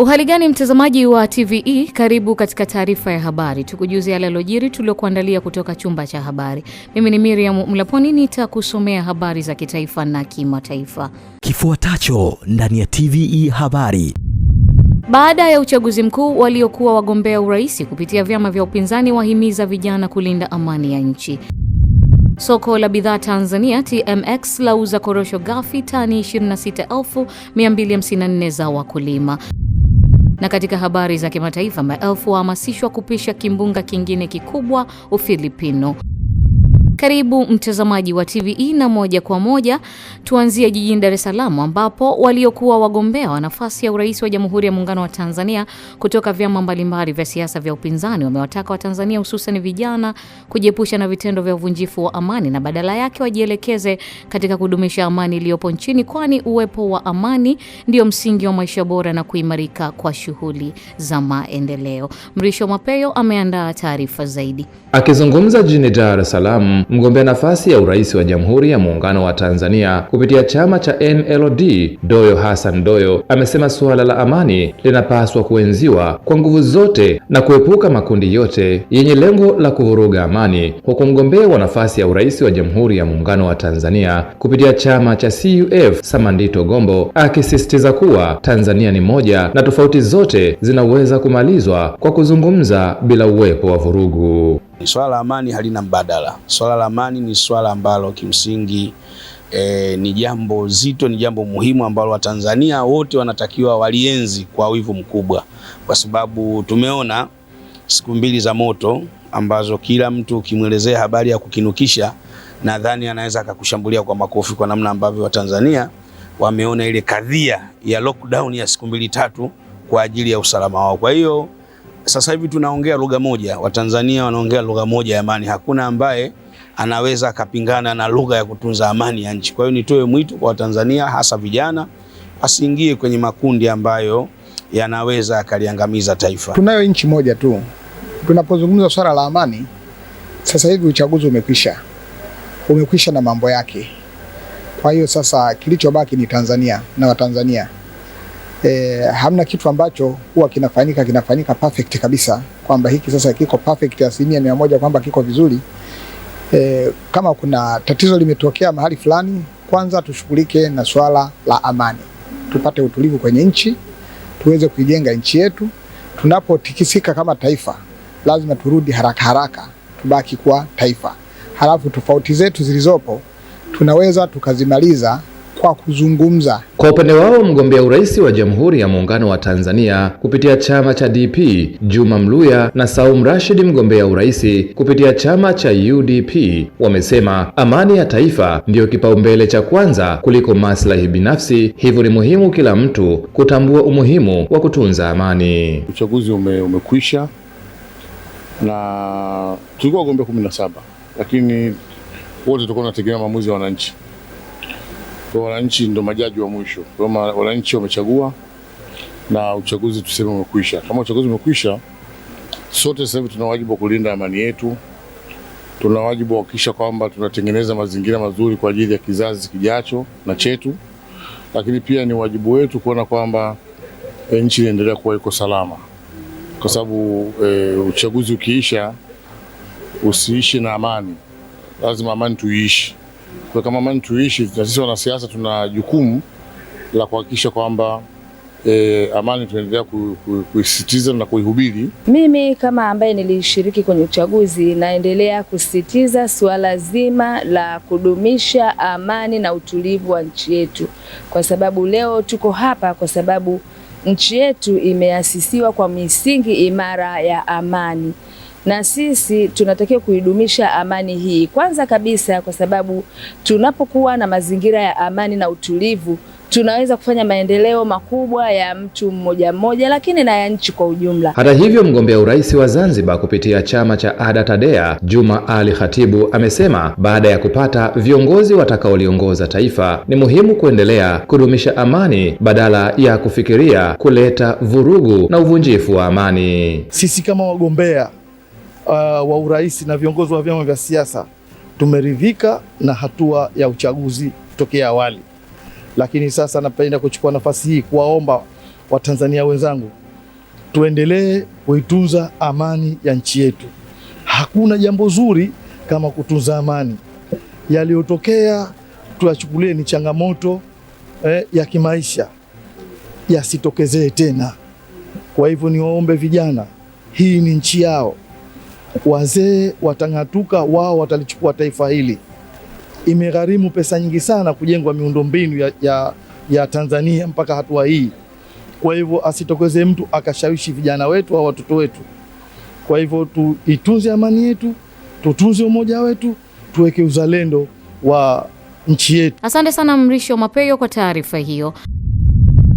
Uhali gani mtazamaji wa TVE, karibu katika taarifa ya habari, tukujuzi yale yalojiri tuliokuandalia kutoka chumba cha habari. Mimi ni Miriam Mlaponi, nitakusomea habari za kitaifa na kimataifa kifuatacho ndani ya TVE habari. Baada ya uchaguzi mkuu, waliokuwa wagombea urais kupitia vyama vya upinzani wahimiza vijana kulinda amani ya nchi. Soko la bidhaa Tanzania TMX lauza korosho ghafi tani 26,254 za wakulima. Na katika habari za kimataifa, maelfu wahamasishwa kupisha kimbunga kingine kikubwa Ufilipino. Karibu mtazamaji wa TVE na moja kwa moja, tuanzie jijini Dar es Salaam ambapo waliokuwa wagombea wa nafasi ya urais wa Jamhuri ya Muungano wa Tanzania kutoka vyama mbalimbali vya siasa vya upinzani wamewataka Watanzania hususan vijana kujiepusha na vitendo vya uvunjifu wa amani na badala yake wajielekeze katika kudumisha amani iliyopo nchini, kwani uwepo wa amani ndio msingi wa maisha bora na kuimarika kwa shughuli za maendeleo. Mrisho Mapeyo ameandaa taarifa zaidi. Akizungumza jijini Dar es Salaam mgombea nafasi ya urais wa Jamhuri ya Muungano wa Tanzania kupitia chama cha NLD, Doyo Hassan Doyo amesema suala la amani linapaswa kuenziwa kwa nguvu zote na kuepuka makundi yote yenye lengo la kuvuruga amani, huku mgombea wa nafasi ya urais wa Jamhuri ya Muungano wa Tanzania kupitia chama cha CUF, Samandito Gombo akisisitiza kuwa Tanzania ni moja na tofauti zote zinaweza kumalizwa kwa kuzungumza bila uwepo wa vurugu. Swala la amani halina mbadala. Swala la amani ni swala ambalo kimsingi E, ni jambo zito, ni jambo muhimu ambalo Watanzania wote wanatakiwa walienzi kwa wivu mkubwa, kwa sababu tumeona siku mbili za moto ambazo kila mtu ukimwelezea habari ya kukinukisha, nadhani anaweza akakushambulia kwa makofi, kwa namna ambavyo Watanzania wameona ile kadhia ya lockdown ya siku mbili tatu kwa ajili ya usalama wao. Kwa hiyo sasa hivi tunaongea lugha moja, Watanzania wanaongea lugha moja ya amani, hakuna ambaye anaweza akapingana na lugha ya kutunza amani ya nchi. Kwa hiyo nitoe mwito kwa Watanzania hasa vijana asiingie kwenye makundi ambayo yanaweza akaliangamiza taifa. Tunayo nchi moja tu. Tunapozungumza swala la amani, sasa hivi uchaguzi umekwisha, umekwisha na mambo yake. Kwa hiyo sasa kilichobaki ni Tanzania na Watanzania. E, hamna kitu ambacho huwa kinafanyika kinafanyika perfect kabisa kwamba hiki sasa kiko perfect asilimia mia moja kwamba kiko vizuri. E, kama kuna tatizo limetokea mahali fulani, kwanza tushughulike na swala la amani, tupate utulivu kwenye nchi, tuweze kuijenga nchi yetu. Tunapotikisika kama taifa, lazima turudi haraka haraka, tubaki kuwa taifa, halafu tofauti zetu zilizopo tunaweza tukazimaliza kwa kuzungumza. Kwa upande wao, mgombea urais wa Jamhuri ya Muungano wa Tanzania kupitia chama cha DP Juma Mluya na Saum Rashid, mgombea urais kupitia chama cha UDP, wamesema amani ya taifa ndiyo kipaumbele cha kwanza kuliko maslahi binafsi, hivyo ni muhimu kila mtu kutambua umuhimu wa kutunza amani. Uchaguzi ume, umekwisha na tulikuwa wagombea kumi na saba lakini wote tulikuwa tunategemea maamuzi ya wananchi kwa wananchi ndo majaji wa mwisho, kwa wananchi wamechagua na uchaguzi tuseme umekwisha. Kama uchaguzi umekwisha, sote sasa hivi tuna wajibu wa kulinda amani yetu, tuna wajibu wa kuhakikisha kwamba tunatengeneza mazingira mazuri kwa ajili ya kizazi kijacho na chetu, lakini pia ni wajibu wetu kuona kwamba e, nchi inaendelea kuwa iko salama, kwa sababu e, uchaguzi ukiisha usiishi na amani, lazima amani tuiishi. Kwa kama amani tuishi, na sisi wanasiasa tuna jukumu la kuhakikisha kwamba E, amani tunaendelea kuisisitiza na kuihubiri. Mimi kama ambaye nilishiriki kwenye uchaguzi, naendelea kusisitiza suala zima la kudumisha amani na utulivu wa nchi yetu, kwa sababu leo tuko hapa kwa sababu nchi yetu imeasisiwa kwa misingi imara ya amani na sisi tunatakiwa kuidumisha amani hii kwanza kabisa, kwa sababu tunapokuwa na mazingira ya amani na utulivu, tunaweza kufanya maendeleo makubwa ya mtu mmoja mmoja, lakini na ya nchi kwa ujumla. Hata hivyo, mgombea urais wa Zanzibar kupitia chama cha ADA TADEA Juma Ali Khatibu amesema baada ya kupata viongozi watakaoliongoza taifa ni muhimu kuendelea kudumisha amani badala ya kufikiria kuleta vurugu na uvunjifu wa amani. Sisi kama wagombea uh, wa urais na viongozi wa vyama vya siasa tumeridhika na hatua ya uchaguzi tokea awali, lakini sasa napenda kuchukua nafasi hii kuwaomba Watanzania wenzangu tuendelee kuitunza amani ya nchi yetu. Hakuna jambo zuri kama kutunza amani. Yaliyotokea tuyachukulie ni changamoto eh, ya kimaisha, yasitokezee tena. Kwa hivyo niwaombe vijana, hii ni nchi yao wazee watang'atuka, wao watalichukua taifa hili. Imegharimu pesa nyingi sana kujengwa miundombinu ya, ya, ya Tanzania mpaka hatua hii. Kwa hivyo asitokeze mtu akashawishi vijana wetu au watoto wetu. Kwa hivyo tuitunze amani yetu, tutunze umoja wetu, tuweke uzalendo wa nchi yetu. Asante sana Mrisho Mapeyo kwa taarifa hiyo.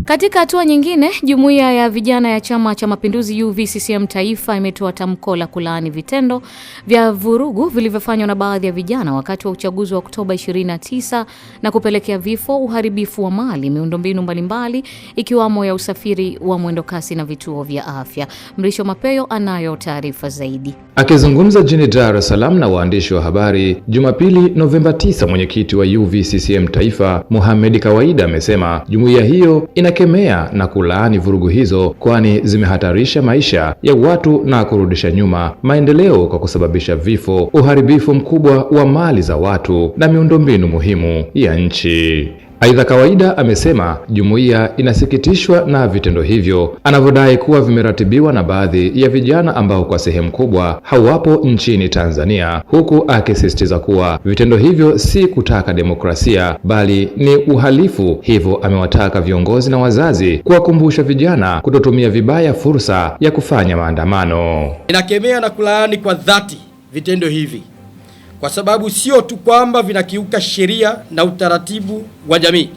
Katika hatua nyingine, jumuiya ya vijana ya Chama cha Mapinduzi UVCCM Taifa imetoa tamko la kulaani vitendo vya vurugu vilivyofanywa na baadhi ya vijana wakati wa uchaguzi wa Oktoba 29 na kupelekea vifo, uharibifu wa mali, miundombinu mbalimbali ikiwamo ya usafiri wa mwendokasi na vituo vya afya. Mrisho Mapeyo anayo taarifa zaidi. Akizungumza jijini Dar es Salaam na waandishi wa habari Jumapili Novemba 9, mwenyekiti wa UVCCM Taifa Mohamed Kawaida amesema jumuiya hiyo ina kemea na kulaani vurugu hizo, kwani zimehatarisha maisha ya watu na kurudisha nyuma maendeleo kwa kusababisha vifo, uharibifu mkubwa wa mali za watu na miundombinu muhimu ya nchi. Aidha, Kawaida amesema jumuiya inasikitishwa na vitendo hivyo anavyodai kuwa vimeratibiwa na baadhi ya vijana ambao kwa sehemu kubwa hawapo nchini Tanzania, huku akisisitiza kuwa vitendo hivyo si kutaka demokrasia bali ni uhalifu. Hivyo amewataka viongozi na wazazi kuwakumbusha vijana kutotumia vibaya fursa ya kufanya maandamano. Inakemea na kulaani kwa dhati vitendo hivi kwa sababu sio tu kwamba vinakiuka sheria na utaratibu wa jamii,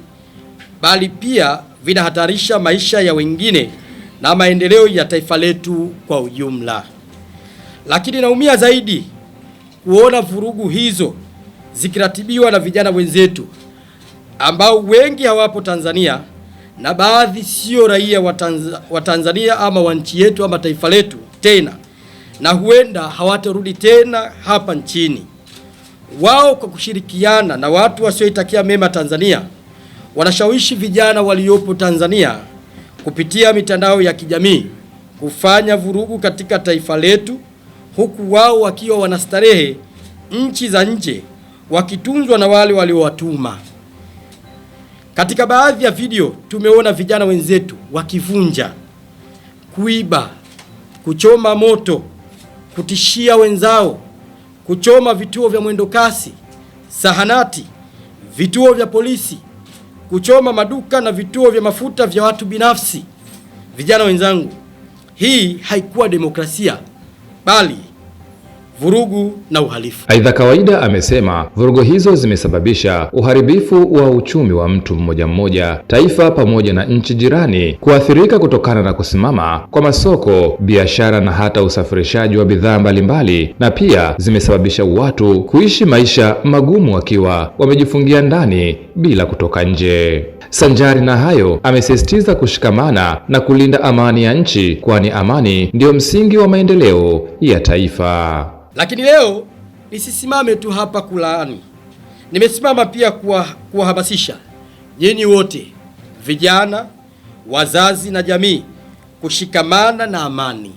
bali pia vinahatarisha maisha ya wengine na maendeleo ya taifa letu kwa ujumla. Lakini naumia zaidi kuona vurugu hizo zikiratibiwa na vijana wenzetu ambao wengi hawapo Tanzania na baadhi sio raia wa, wa Tanzania ama wa nchi yetu ama taifa letu tena, na huenda hawatarudi tena hapa nchini wao kwa kushirikiana na watu wasioitakia mema Tanzania wanashawishi vijana waliopo Tanzania kupitia mitandao ya kijamii kufanya vurugu katika taifa letu, huku wao wakiwa wanastarehe nchi za nje, wakitunzwa na wale waliowatuma. Katika baadhi ya video tumeona vijana wenzetu wakivunja, kuiba, kuchoma moto, kutishia wenzao kuchoma vituo vya mwendokasi, sahanati, vituo vya polisi, kuchoma maduka na vituo vya mafuta vya watu binafsi. Vijana wenzangu, hii haikuwa demokrasia bali vurugu na uhalifu. Aidha, Kawaida amesema vurugu hizo zimesababisha uharibifu wa uchumi wa mtu mmoja mmoja, taifa pamoja na nchi jirani kuathirika kutokana na kusimama kwa masoko, biashara na hata usafirishaji wa bidhaa mbalimbali, na pia zimesababisha watu kuishi maisha magumu wakiwa wamejifungia ndani bila kutoka nje. Sanjari na hayo, amesisitiza kushikamana na kulinda amani ya nchi, kwani amani ndiyo msingi wa maendeleo ya taifa. Lakini leo nisisimame tu hapa kulaani, nimesimama pia kuwahamasisha nyinyi wote vijana, wazazi na jamii kushikamana na amani.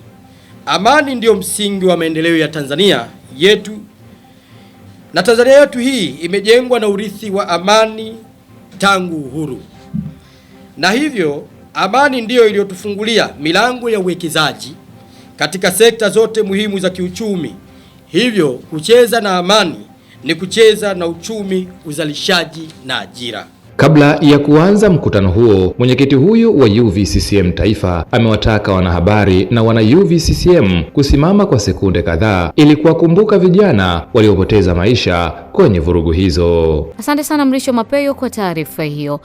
Amani ndiyo msingi wa maendeleo ya Tanzania yetu, na Tanzania yetu hii imejengwa na urithi wa amani tangu uhuru, na hivyo amani ndiyo iliyotufungulia milango ya uwekezaji katika sekta zote muhimu za kiuchumi Hivyo kucheza na amani ni kucheza na uchumi, uzalishaji na ajira. Kabla ya kuanza mkutano huo, mwenyekiti huyo wa UVCCM Taifa amewataka wanahabari na wana UVCCM kusimama kwa sekunde kadhaa ili kuwakumbuka vijana waliopoteza maisha kwenye vurugu hizo. Asante sana Mrisho Mapeyo kwa taarifa hiyo.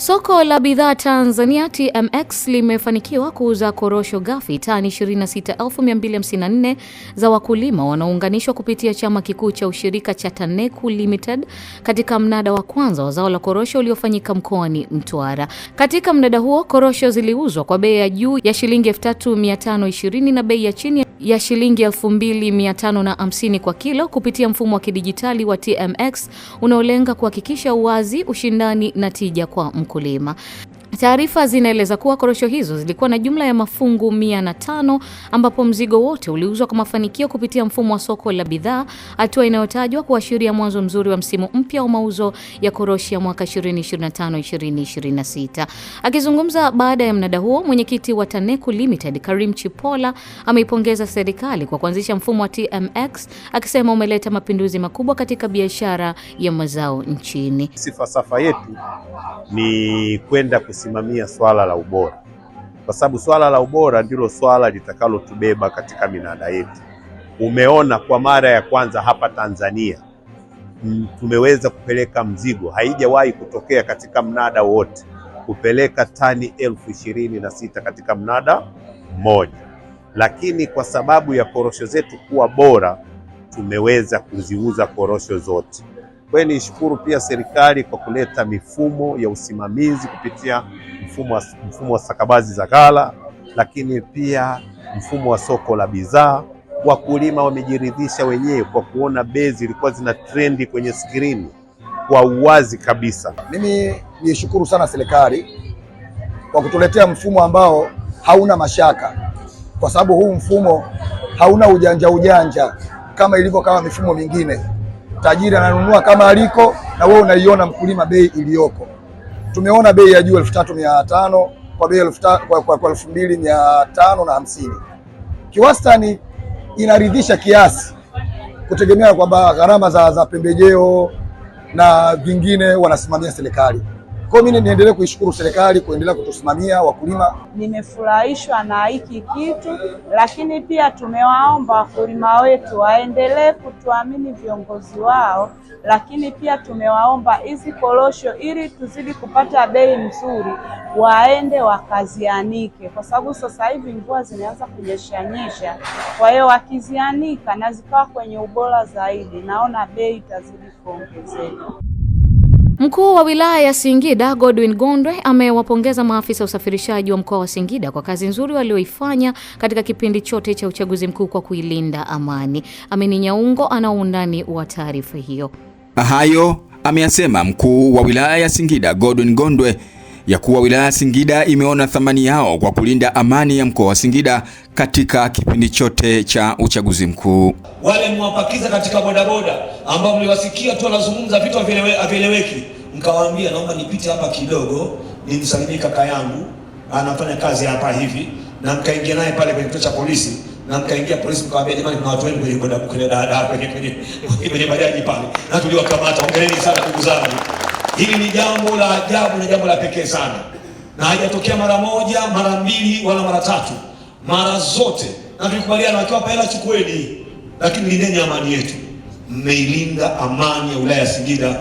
Soko la bidhaa Tanzania TMX limefanikiwa kuuza korosho ghafi tani 26254 za wakulima wanaounganishwa kupitia chama kikuu cha ushirika cha taneku Limited katika mnada wa kwanza wa zao la korosho uliofanyika mkoani Mtwara. Katika mnada huo korosho ziliuzwa kwa bei ya juu ya shilingi 3520 na bei ya chini ya ya shilingi 2550 kwa kilo kupitia mfumo wa kidijitali wa TMX unaolenga kuhakikisha uwazi, ushindani na tija kwa mkulima. Taarifa zinaeleza kuwa korosho hizo zilikuwa na jumla ya mafungu mia na tano ambapo mzigo wote uliuzwa kwa mafanikio kupitia mfumo wa soko la bidhaa, hatua inayotajwa kuashiria mwanzo mzuri wa msimu mpya wa mauzo ya korosho ya mwaka 2025-2026. Akizungumza baada ya mnada huo, mwenyekiti wa Taneku Limited Karim Chipola ameipongeza serikali kwa kuanzisha mfumo wa TMX akisema umeleta mapinduzi makubwa katika biashara ya mazao nchini. Sifa safa yetu ni kwenda kusimamia swala la ubora, kwa sababu swala la ubora ndilo swala litakalotubeba katika minada yetu. Umeona kwa mara ya kwanza hapa Tanzania tumeweza kupeleka mzigo, haijawahi kutokea katika mnada wote, kupeleka tani elfu ishirini na sita katika mnada mmoja, lakini kwa sababu ya korosho zetu kuwa bora tumeweza kuziuza korosho zote. Kwa hiyo nishukuru pia serikali kwa kuleta mifumo ya usimamizi kupitia mfumo wa, mfumo wa stakabadhi za ghala, lakini pia mfumo wa soko la bidhaa. Wakulima wamejiridhisha wenyewe kwa kuona bei zilikuwa zina trendi kwenye skrini kwa uwazi kabisa. Mimi nishukuru sana serikali kwa kutuletea mfumo ambao hauna mashaka, kwa sababu huu mfumo hauna ujanja ujanja kama ilivyokawa mifumo mingine tajiri ananunua kama aliko, na wewe unaiona mkulima bei iliyoko. Tumeona bei ya juu elfu tatu mia tano kwa bei elfu mbili mia tano na hamsini kiwastani, inaridhisha kiasi kutegemea kwamba gharama za, za pembejeo na vingine wanasimamia serikali. Kwa mimi niendelee kuishukuru serikali kuendelea kutusimamia wakulima. Nimefurahishwa na hiki kitu, lakini pia tumewaomba wakulima wetu waendelee kutuamini viongozi wao, lakini pia tumewaomba hizi korosho ili tuzidi kupata bei nzuri, waende wakazianike, kwa sababu sasa hivi mvua zimeanza kunyeshanyesha Kwa hiyo wakizianika na zikawa kwenye ubora zaidi, naona bei itazidi kuongezeka. Mkuu wa wilaya ya Singida Godwin Gondwe amewapongeza maafisa usafirishaji wa mkoa wa Singida kwa kazi nzuri walioifanya katika kipindi chote cha uchaguzi mkuu kwa kuilinda amani. Amini Nyaungo ana undani wa taarifa hiyo. Hayo ameyasema mkuu wa wilaya ya Singida Godwin Gondwe ya kuwa wilaya Singida imeona thamani yao kwa kulinda amani ya mkoa wa Singida katika kipindi chote cha uchaguzi mkuu. Wale mwapakiza katika bodaboda ambao mliwasikia tu wanazungumza vitu havieleweki, mkawaambia naomba nipite hapa kidogo nimsalimie kaka yangu anafanya kazi hapa hivi, na mkaingia naye pale kwenye kituo cha polisi na mkaingia polisi mkawaambia, jamani, kuna watu wengi kwenye boda kwenye kwenye kwenye bajaji pale na tuliwakamata. Hongereni sana ndugu zangu. Hili ni jambo la ajabu na jambo la pekee sana, na haijatokea mara moja mara mbili wala mara tatu, mara zote. Na tulikubaliana wakiwapa hela chukueni, lakini lindeni amani yetu. Mmeilinda amani ya wilaya ya Singida,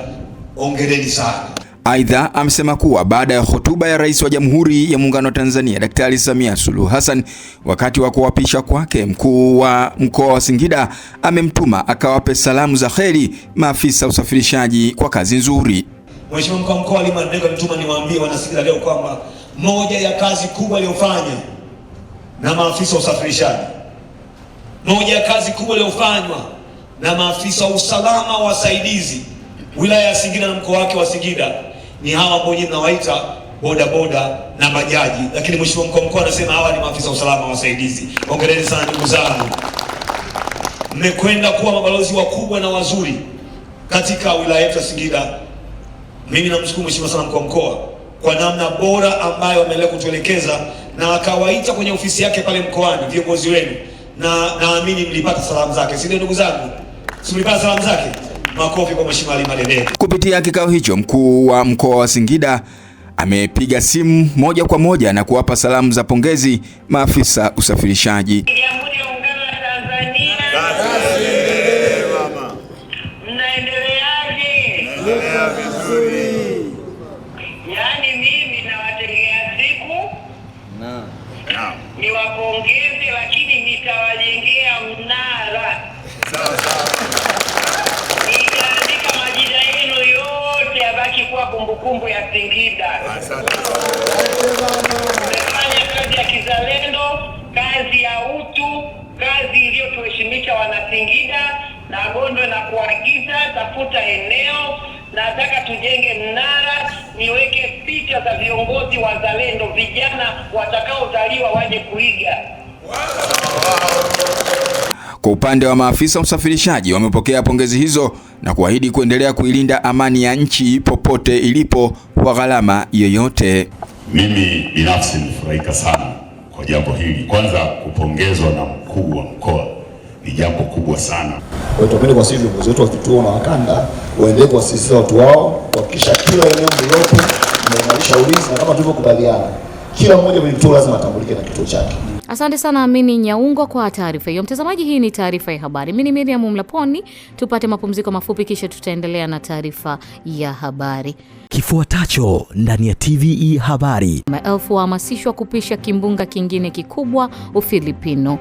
ongereni sana. Aidha, amesema kuwa baada ya hotuba ya Rais wa Jamhuri ya Muungano wa Tanzania Daktari Samia Suluhu Hassan wakati wa kuapisha kwake, mkuu wa mkoa wa Singida amemtuma akawape salamu za kheri maafisa usafirishaji kwa kazi nzuri. Mheshimiwa mkuu wa mkoa Halima Mtuma, niwaambie wanasikiliza leo kwamba moja ya kazi kubwa aliyofanya na maafisa wa usafirishaji, moja ya kazi kubwa iliyofanywa na maafisa wa usalama wasaidizi wilaya ya Singida na mkoa wake wa Singida ni hawa ambao nyinyi mnawaita boda boda na bajaji, lakini mheshimiwa mkuu wa mkoa anasema hawa ni maafisa wa usalama wasaidizi. Hongereni sana ndugu zangu, mmekwenda kuwa mabalozi wakubwa na wazuri katika wilaya yetu ya Singida mimi namshukuru Mheshimiwa sana mkuu wa mkoa kwa namna bora ambayo ameendelea kutuelekeza na akawaita kwenye ofisi yake pale mkoani viongozi wenu, na naamini mlipata salamu zake, si ndio ndugu zangu? Si mlipata salamu zake? Makofi kwa Mheshimiwa Halima Dede. Kupitia kikao hicho, mkuu wa mkoa wa Singida amepiga simu moja kwa moja na kuwapa salamu za pongezi maafisa usafirishaji. nataka tujenge mnara, niweke picha za viongozi wazalendo, vijana watakaozaliwa waje kuiga. Kwa upande wa maafisa usafirishaji wamepokea pongezi hizo na kuahidi kuendelea kuilinda amani ya nchi popote ilipo kwa gharama yoyote. Mimi binafsi nimefurahika sana kwa jambo hili, kwanza kupongezwa na mkuu wa mkoa ni jambo kubwa sana. Kwa hiyo tunapenda kwa sisi viongozi wetu wa na wakanda waendelee kuwasisitiza watu wao kuhakikisha kila eneo mlilopo mnaimarisha ulinzi, na kama tulivyokubaliana, kila mmoja kwenye kituo lazima atambulike na kituo chake. Asante sana Amini Nyaungwa kwa taarifa hiyo. Mtazamaji, hii ni taarifa ya habari. Mimi ni Miriam Mlaponi, tupate mapumziko mafupi, kisha tutaendelea na taarifa ya habari. Kifuatacho ndani ya TVE habari. Maelfu wahamasishwa kupisha kimbunga kingine kikubwa Ufilipino.